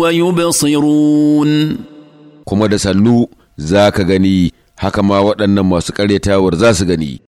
wa yubsirun kuma da sallu za ka gani haka ma waɗannan masu ƙaryatawar za su gani